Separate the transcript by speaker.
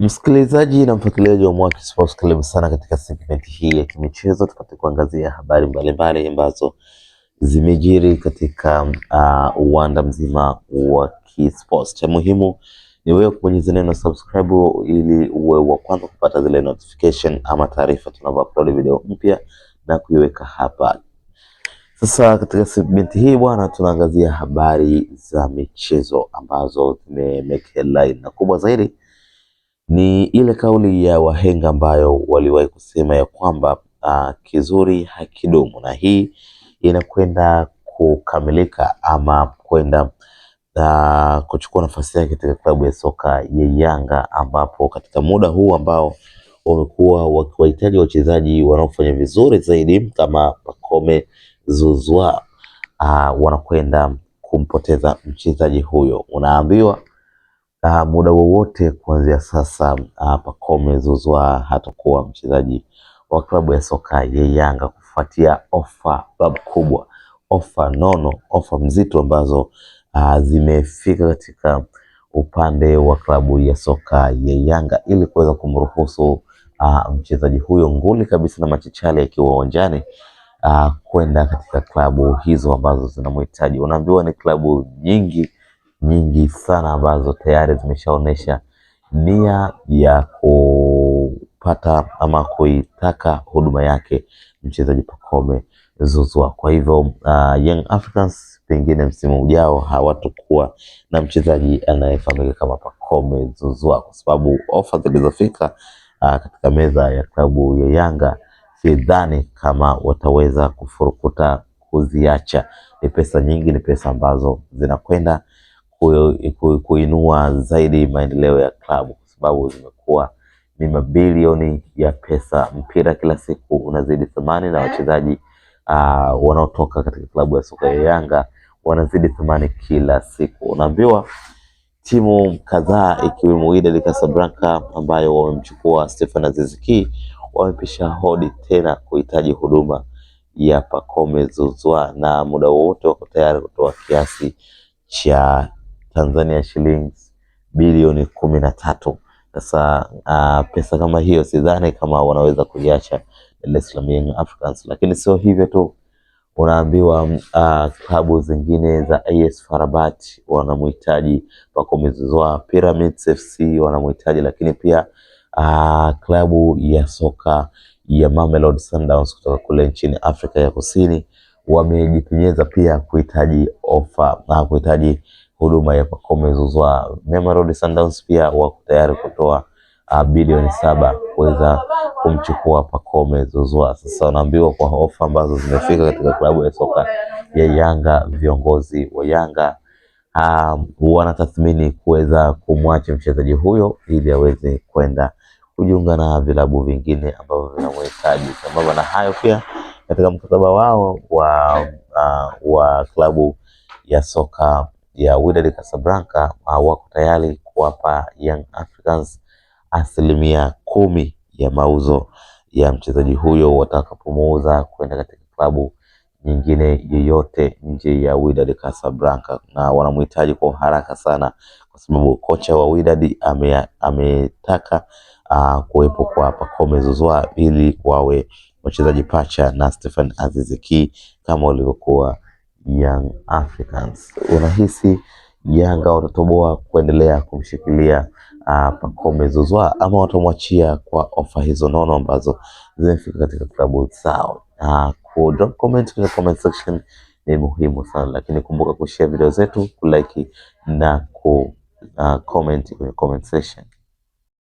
Speaker 1: Msikilizaji na mfuatiliaji wa Mwaki Sports, karibu sana katika segmenti hii ya kimichezo, tupate kuangazia habari mbalimbali ambazo zimejiri katika uh, uwanda uh, mzima wa kisports. Cha muhimu ni wewe kubonyeza neno subscribe ili uwe wa kwanza kupata zile notification ama taarifa tunapo upload video mpya na kuiweka hapa. Sasa katika segmenti hii bwana, tunaangazia habari za michezo ambazo zimemeke line na kubwa zaidi ni ile kauli ya wahenga ambayo waliwahi kusema ya kwamba uh, kizuri hakidumu, na hii inakwenda kukamilika ama kwenda uh, kuchukua nafasi yake katika klabu ya soka ya Yanga, ambapo katika muda huu ambao wamekuwa wakiwahitaji wachezaji wanaofanya vizuri zaidi kama Pacome Zuzwa uh, ah, wanakwenda kumpoteza mchezaji huyo, unaambiwa uh, muda wowote kuanzia sasa uh, ah, Pacome Zouzoua ah, hatakuwa mchezaji wa klabu ya soka ya Yanga kufuatia ofa kubwa, ofa nono, ofa mzito ambazo uh, zimefika katika upande wa klabu ya soka ya Yanga ili kuweza kumruhusu uh, mchezaji huyo nguli kabisa na machichali akiwa uwanjani uh, kwenda katika klabu hizo ambazo zinamhitaji. Unaambiwa ni klabu nyingi nyingi sana ambazo tayari zimeshaonesha nia ya kupata ama kuitaka huduma yake mchezaji Pacome Zouzoua. Kwa hivyo uh, Young Africans pengine msimu ujao hawatakuwa na mchezaji anayefahamika kama Pacome Zouzoua kwa sababu ofa zilizofika uh, katika meza ya klabu ya Yanga sidhani kama wataweza kufurukuta kuziacha. Ni pesa nyingi, ni pesa ambazo zinakwenda kuinua zaidi maendeleo ya klabu, kwa sababu zimekuwa ni mabilioni ya pesa. Mpira kila siku unazidi thamani na eh? wachezaji uh, wanaotoka katika klabu ya soka ya eh? Yanga wanazidi thamani kila siku. Unaambiwa timu kadhaa ikiwemo Wydad Casablanca ambayo wamemchukua Stefan Aziz Ki wamepisha hodi tena kuhitaji huduma ya Pacome Zuzwa na muda wowote wako tayari kutoa kiasi cha Tanzania shillings bilioni kumi na tatu. Sasa uh, pesa kama hiyo sidhani kama wanaweza kuiacha Dar es Salaam Young Africans, lakini sio hivyo tu, unaambiwa uh, klabu zingine za AS Farabat wanamhitaji, Pakomezwa Pyramids FC wanamhitaji, lakini pia uh, klabu ya soka ya Mamelodi Sundowns kutoka kule nchini Afrika ya Kusini wamejipenyeza pia kuhitaji ofa na kuhitaji huduma ya Pacome Zouzoua. Mamelodi Sundowns pia wako tayari kutoa uh, bilioni saba kuweza kumchukua Pacome Zouzoua. Sasa wanaambiwa kwa ofa ambazo zimefika katika klabu ya soka ya Yanga, viongozi wa Yanga um, wanatathmini kuweza kumwacha mchezaji huyo ili aweze kwenda kujiunga na vilabu vingine ambavyo vinamhitaji. Sambamba na hayo pia katika mkataba wao wa, uh, wa klabu ya soka ya Wydad Casablanca uh, wako tayari kuwapa Young Africans asilimia kumi ya mauzo ya mchezaji huyo watakapomuuza kwenda katika klabu nyingine yoyote nje ya Wydad Casablanca, na wanamhitaji kwa haraka sana, kwa sababu kocha wa Wydad ametaka ame uh, kuwepo kwa Pacome Zouzoua ili wawe wachezaji pacha na Stefan Aziz Ki kama walivyokuwa Young Africans. Unahisi Yanga watatoboa kuendelea kumshikilia uh, ah, Pacome Zouzoua ama watamwachia kwa ofa hizo nono ambazo zimefika katika klabu zao? Uh, ku drop comment kwenye comment section ni muhimu sana, lakini kumbuka kushare video zetu, kulike na ku uh, comment kwenye comment section.